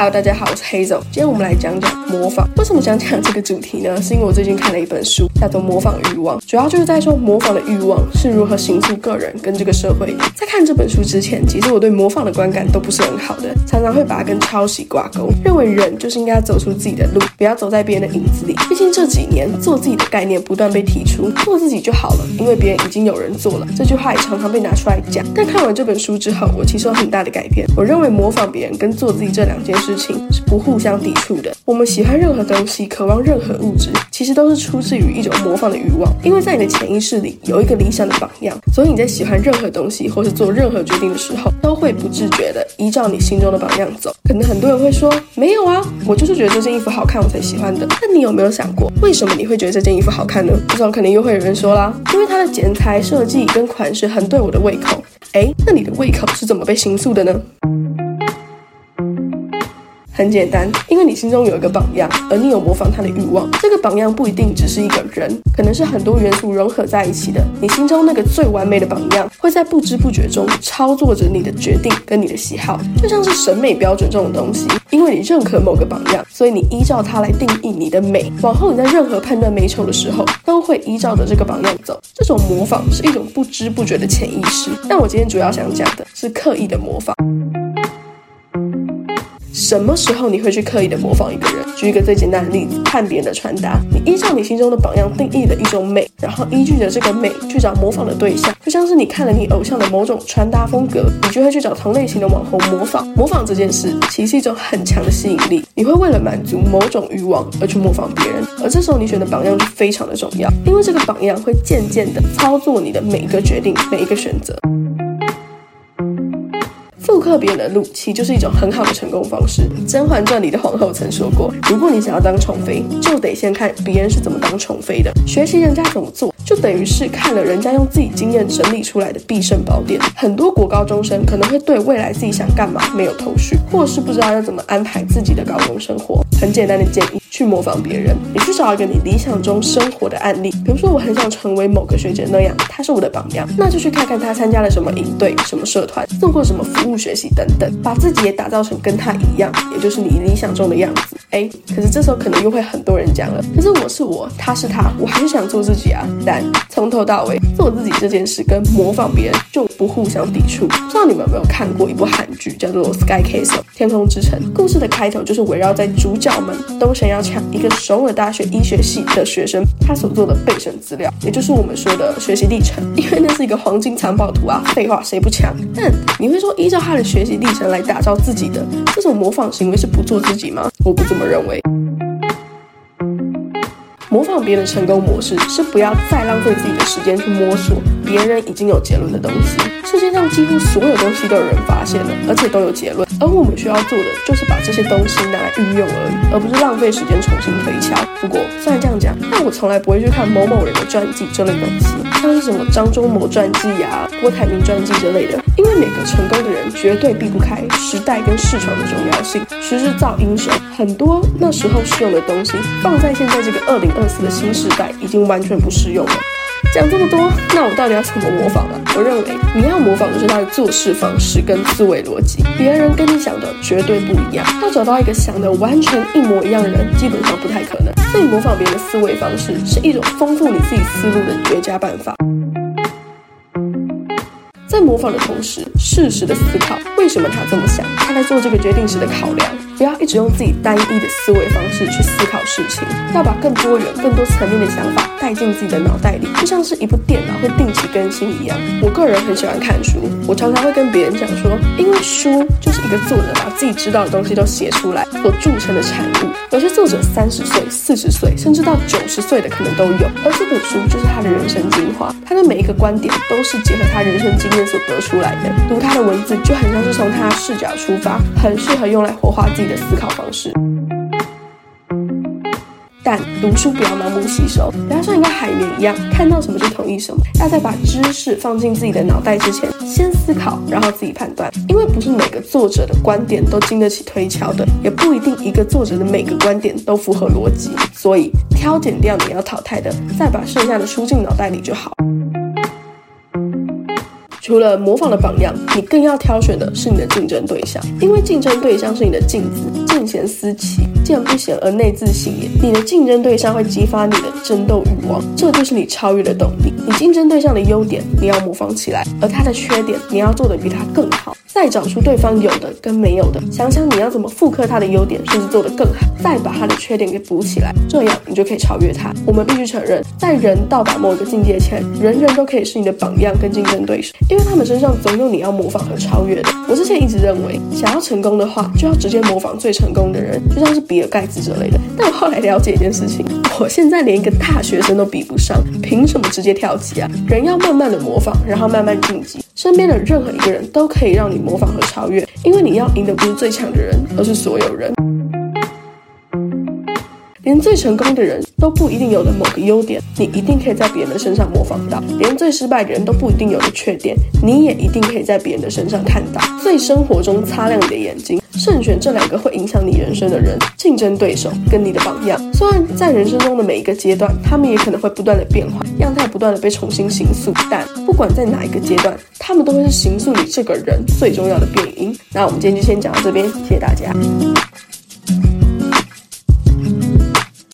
哈嘍，大家好，我是 Hazel。今天我們來講講模仿。為什麼想講這個主題呢？是因為我最近看了一本書，叫做《模仿欲望》，主要就是在說模仿的欲望是如何形塑個人跟這個社會。在看這本書之前，其實我對模仿的觀感都不是很好的，常常會把它跟抄襲掛鈎，認為人就是應該要走出自己的路，不要走在別人的影子裡。畢竟這幾年做自己的概念不斷被提出，做自己就好了，因為別人已經有人做了。這句話也常常被拿出來講。但看完這本書之後，我其實有很大的改變。我認為模仿別人跟做自己這兩件事。事情是不互相抵觸的。我們喜歡任何東西，渴望任何物質，其實都是出自於一種模仿的慾望。因為在你的潛意識裡有一個理想的榜樣，所以你在喜歡任何東西或是做任何決定的時候，都會不自覺的依照你心中的榜樣走。可能很多人會說，沒有啊，我就是覺得這件衣服好看，我才喜歡的。那你有沒有想過，為什麼你會覺得這件衣服好看呢？這種肯定又會有人說啦，因為它的剪裁設計跟款式很對我的胃口。哎，那你的胃口是怎麼被形塑的呢？很簡單，因為你心中有一個榜樣，而你有模仿他的慾望。這個榜樣不一定只是一個人，可能是很多元素融合在一起的。你心中那個最完美的榜樣，會在不知不覺中操作着你的決定跟你的喜好，就像是審美標準這種東西。因為你認可某個榜樣，所以你依照它來定義你的美。往後你在任何判斷美醜的時候，都會依照着這個榜樣走。這種模仿是一種不知不覺的潛意識。但我今天主要想講的是刻意的模仿。什麼時候你會去刻意的模仿一個人？舉一個最簡單的例子，看別人的穿搭，你依照你心中的榜樣定義的一種美，然後依據着這個美去找模仿的對象，就像是你看了你偶像的某種穿搭風格，你就會去找同類型的網紅模仿。模仿這件事其實是一種很強的吸引力，你會為了滿足某種欲望而去模仿別人，而這時候你選的榜樣就非常的重要，因為這個榜樣會漸漸的操作你的每一個決定，每一個選擇。不刻別人的路，其實就是一種很好的成功方式。《甄嬛傳》裡的皇后曾說過：“如果你想要當寵妃，就得先看別人是怎麼當寵妃的，學習人家怎麼做，就等於是看了人家用自己經驗整理出來的必勝寶典。”很多國高中生可能會對未來自己想幹嘛沒有頭緒，或是不知道要怎麼安排自己的高中生活。很簡單的建議。去模仿別人，你去找一個你理想中生活的案例，比如說我很想成為某個學姐那樣，她是我的榜樣，那就去看看她參加了什麼營隊、什麼社團、做過什麼服務學習等等，把自己也打造成跟她一樣，也就是你理想中的樣子。哎，可是這時候可能又會很多人講了，可是我是我，他是他，我還是想做自己啊。但從頭到尾做自己這件事跟模仿別人就不互相抵觸。不知道你們有沒有看過一部韓劇叫做《Sky Castle 天空之城》，故事的開頭就是圍繞在主角們都想要搶一個首爾大學醫學系的學生他所做的備審資料，也就是我們說的學習歷程，因為那是一個黃金藏寶圖啊。廢話，誰不搶？但你會說依照他的學習歷程來打造自己的這種模仿行為是不做自己嗎？我不這麼認為。模仿別人的成功模式，是不要再浪費自己的時間去摸索別人已經有結論的東西。世界上幾乎所有東西都有人發現了，而且都有結論。而我們需要做的就是把這些東西拿來運用而已，而不是浪費時間重新推敲。不過雖然這樣講，但我從來不會去看某某人的傳記這類東西，像是什麼張忠謀傳記啊、郭台銘傳記之類的。因為每個成功的人絕對避不開時代跟市場的重要性，時勢造英雄。很多那時候適用的東西，放在現在這個二零二四的新時代，已經完全不適用了。講這麼多，那我到底要怎麼模仿呢啊？我認為你要模仿的是他的做事方式跟思維邏輯。別人跟你想的絕對不一樣，要找到一個想的完全一模一樣的人，基本上不太可能。所以模仿別人的思維方式是一種豐富你自己思路的絕佳辦法。在模仿的同時，適時的思考為什麼他這麼想，他在做這個決定時的考量。不要一直用自己單一的思維方式去思考事情，要把更多人、更多層面的想法帶進自己的腦袋裡，就像是一部電腦會定期更新一樣。我個人很喜歡看書，我常常會跟別人講說，因為書就是一個作者把自己知道的東西都寫出來所鑄成的產物。有些作者三十歲、四十歲，甚至到九十歲的可能都有，而這本書就是他的人生精華，他的每一個觀點都是結合他人生經驗所得出來的。讀他的文字就很像是從他的視角出發，很適合用來活化自己的思考方式，但讀書不要盲目吸收，不要像一個海綿一樣，看到什麼就同意什麼。要在把知識放進自己的腦袋之前，先思考，然後自己判斷。因為不是每個作者的觀點都經得起推敲的，也不一定一個作者的每個觀點都符合邏輯。所以，挑揀掉你要淘汰的，再把剩下的輸進腦袋裡就好。除了模仿的榜樣，你更要挑選的是你的競爭對象，因為競爭對象是你的鏡子。見賢思齊，見不賢而內自省也。你的競爭對象會激發你的爭鬥慾望，這就是你超越的動力。你競爭對象的優點，你要模仿起來；而他的缺點，你要做得比他更好。再找出對方有的跟沒有的，想想你要怎麼複刻他的優點，甚至做得更好，再把他的缺點給補起來，這樣你就可以超越他。我們必須承認，在人到達某個境界前，人人都可以是你的榜樣跟競爭對手，因為他們身上總有你要模仿和超越的。我之前一直認為，想要成功的話，就要直接模仿最成功的人，就像是比爾蓋茨之類的。但我後來了解一件事情，我現在連一個大學生都比不上，憑什麼直接跳級啊？人要慢慢的模仿，然後慢慢晉級。身邊的任何一個人都可以讓你模仿和超越，因為你要贏的不是最強的人，而是所有人。連最成功的人都不一定有的某個優點，你一定可以在別人的身上模仿到；連最失敗的人都不一定有的缺點，你也一定可以在別人的身上看到。所以生活中擦亮你的眼睛，慎選這兩個會影響你人生的人：競爭對手跟你的榜樣。雖然在人生中的每一個階段，他們也可能會不斷的變化，樣態不斷的被重新形塑，但不管在哪一個階段，他們都會是形塑你這個人最重要的變因。那我們今天就先講到這邊，謝謝大家。